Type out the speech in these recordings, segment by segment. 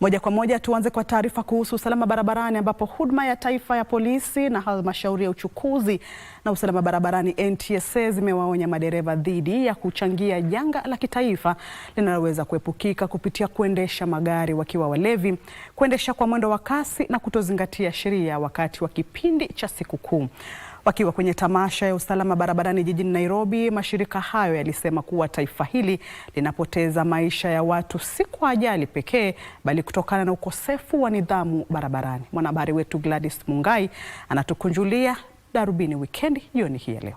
Moja kwa moja tuanze kwa taarifa kuhusu usalama barabarani ambapo huduma ya taifa ya polisi na halmashauri ya uchukuzi na usalama barabarani NTSA zimewaonya madereva dhidi ya kuchangia janga la kitaifa linaloweza kuepukika kupitia kuendesha magari wakiwa walevi, kuendesha kwa mwendo wa kasi na kutozingatia sheria wakati wa kipindi cha sikukuu. Wakiwa kwenye tamasha ya usalama barabarani jijini Nairobi, mashirika hayo yalisema kuwa taifa hili linapoteza maisha ya watu si kwa ajali pekee, bali kutokana na ukosefu wa nidhamu barabarani. Mwanahabari wetu Gladys Mungai anatukunjulia darubini wikendi jioni hii ya leo.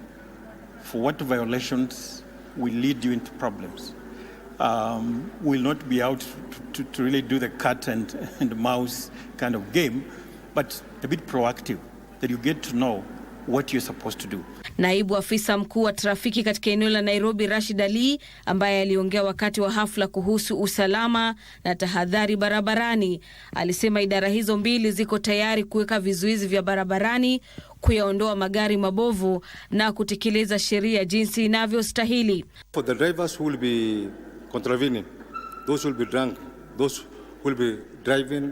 for what violations will lead you into problems. Um, will not be out to, to, really do the cat and, and mouse kind of game, but a bit proactive, that you get to know what you're supposed to do. Naibu afisa mkuu wa trafiki katika eneo la Nairobi, Rashid Ali, ambaye aliongea wakati wa hafla kuhusu usalama na tahadhari barabarani, alisema idara hizo mbili ziko tayari kuweka vizuizi vya barabarani, kuyaondoa magari mabovu na kutekeleza sheria jinsi inavyostahili. For the drivers who will be contravening, those will be drunk, those will be driving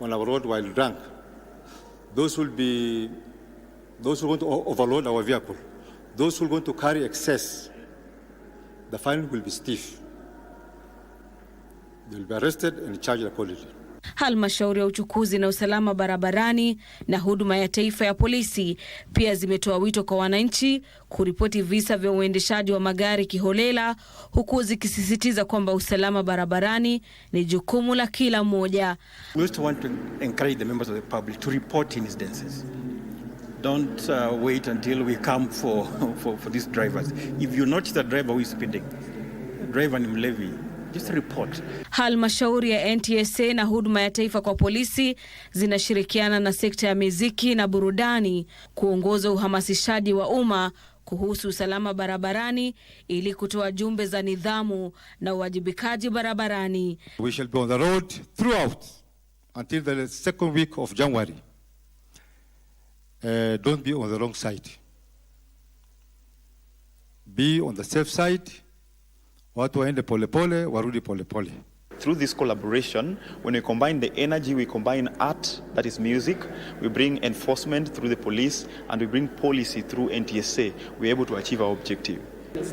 on our road while drunk, those will be those who want to overload our vehicle, those who are going to carry excess, the fine will be stiff. They will be arrested and charged accordingly. Halmashauri ya uchukuzi na usalama barabarani na huduma ya taifa ya polisi pia zimetoa wito kwa wananchi kuripoti visa vya uendeshaji wa magari kiholela, huku zikisisitiza kwamba usalama barabarani ni jukumu la kila mmoja. We want to to encourage the the members of public report Don't uh, wait until we come for, for, for these drivers. If you notice the driver who is speeding, driver ni mlevi, just report. Halmashauri ya NTSA na huduma ya taifa kwa polisi zinashirikiana na sekta ya miziki na burudani kuongoza uhamasishaji wa umma kuhusu usalama barabarani ili kutoa jumbe za nidhamu na uwajibikaji barabarani. We shall be on the road throughout until the second week of January. uh, don't be on the wrong side. Be on the safe side. Watu waende pole warudi pole. Through this collaboration, when we combine the energy, we combine art, that is music, we bring enforcement through the police, and we bring policy through NTSA, we're able to achieve our objective.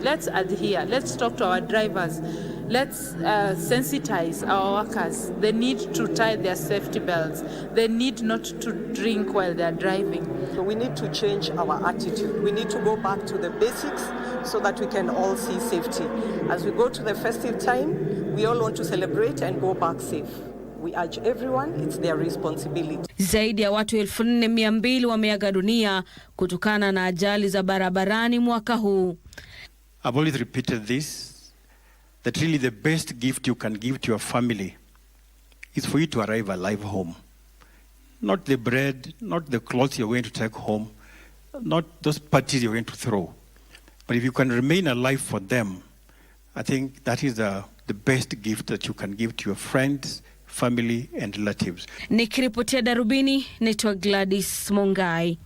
Let's adhere. Let's talk to our drivers. Let's uh, sensitize our workers. They need to tie their safety belts. They need not to drink while they're driving. We need to change our attitude. We need to go back to the basics so that we can all see safety. As we go to the festive time, we all want to celebrate and go back safe. We urge everyone, it's their responsibility. Zaidi ya watu 4200 wameaga dunia kutokana na ajali za barabarani mwaka huu. I've always repeated this that really the best gift you can give to your family is for you to arrive alive home. Not the bread, not the clothes you're going to take home, not those parties you're going to throw. But if you can remain alive for them, I think that is the, the best gift that you can give to your friends, family, and relatives. Nikiripotia Darubini, Gladys Mongai.